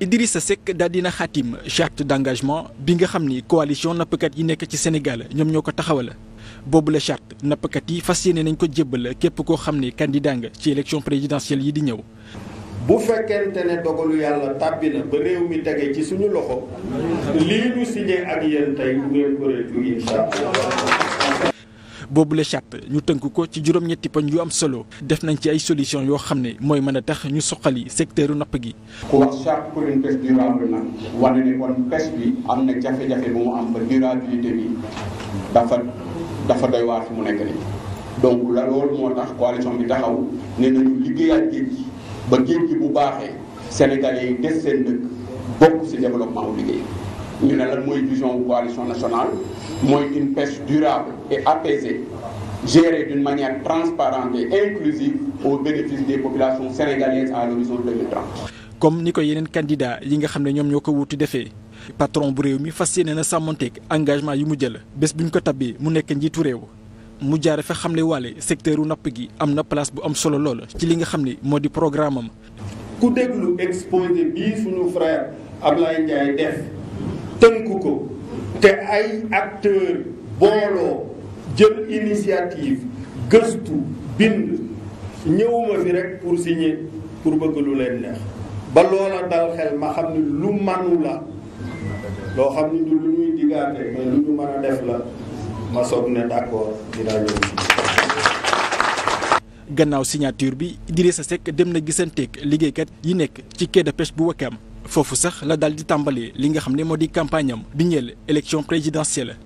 Idrissa Seck daal dina xaatim charte d'engagement bi nga xam ni coalition nappkat yi nekk ci Sénégal ñoom ñoo ko taxawala boobu la charte nappkat yi fas yéene nañ ko jébbal képp koo xam ni candidat nga ci élection présidentielle yi di ñëw. bu fekkente ne dogalu yàlla tàbbi ba réew mi tege ci suñu loxo lii ñu signé ak yéen tey du ngeen ko réew incha allah boobu boobule charte ñu tënk ko ci juróom-ñetti poñ yu am solo def nañ ci ay solution yoo xam ne mooy mën a tax ñu suqali secteur napp gi. ku wax charte pour une pêche durable nag wane ne kon pêche bi am na jafe-jafe bu mu am ba durabilité bi dafa dafa doy waar fi mu nekk nii. donc la loolu moo tax coalition bi taxaw ne nañu liggéeyaat géej gi ba géej gi bu baaxee Sénégalais yi des seen dëkk bokk ci développement liggéey ñu ne la mooy vision coalition national mooy une pêche durable et apaisée gérée d'une manière transparente et inclusive au bénéfice des populations sénégalaises à l'horizon 2030. comme ni ko yeneen candidat yi nga xam ne ñoom ñoo ko wuti defee patron bu réew mi fas yéene na sàmmonteeg engagement yi mu jël bés bu ñu ko tabbee mu nekk njiitu réew mu jaare fa xamle secteur secteuru napp gi am na place bu am solo lool ci li nga xam ne moo di programme am. ku déglu exposé bii suñu frère Ablaye Ndiaye def ko. te ay acteurs booloo jël initiative gëstu bind ñëwuma fi rek pour signer pour bëgg lu leen neex ba loola dal xel ma xam ni lu manu la loo xam ni du lu ñuy diggaate mais lu ñu mën def la ma soog ne d'accord dinaa ñëw. gannaaw signature bi sa Seck dem na gisanteeg liggéeykat yi nekk ci quai de pêche bu Ouakam. foofu sax la daal di tàmbali li nga xam ne moo di campagne am bi ñeel élection présidentielle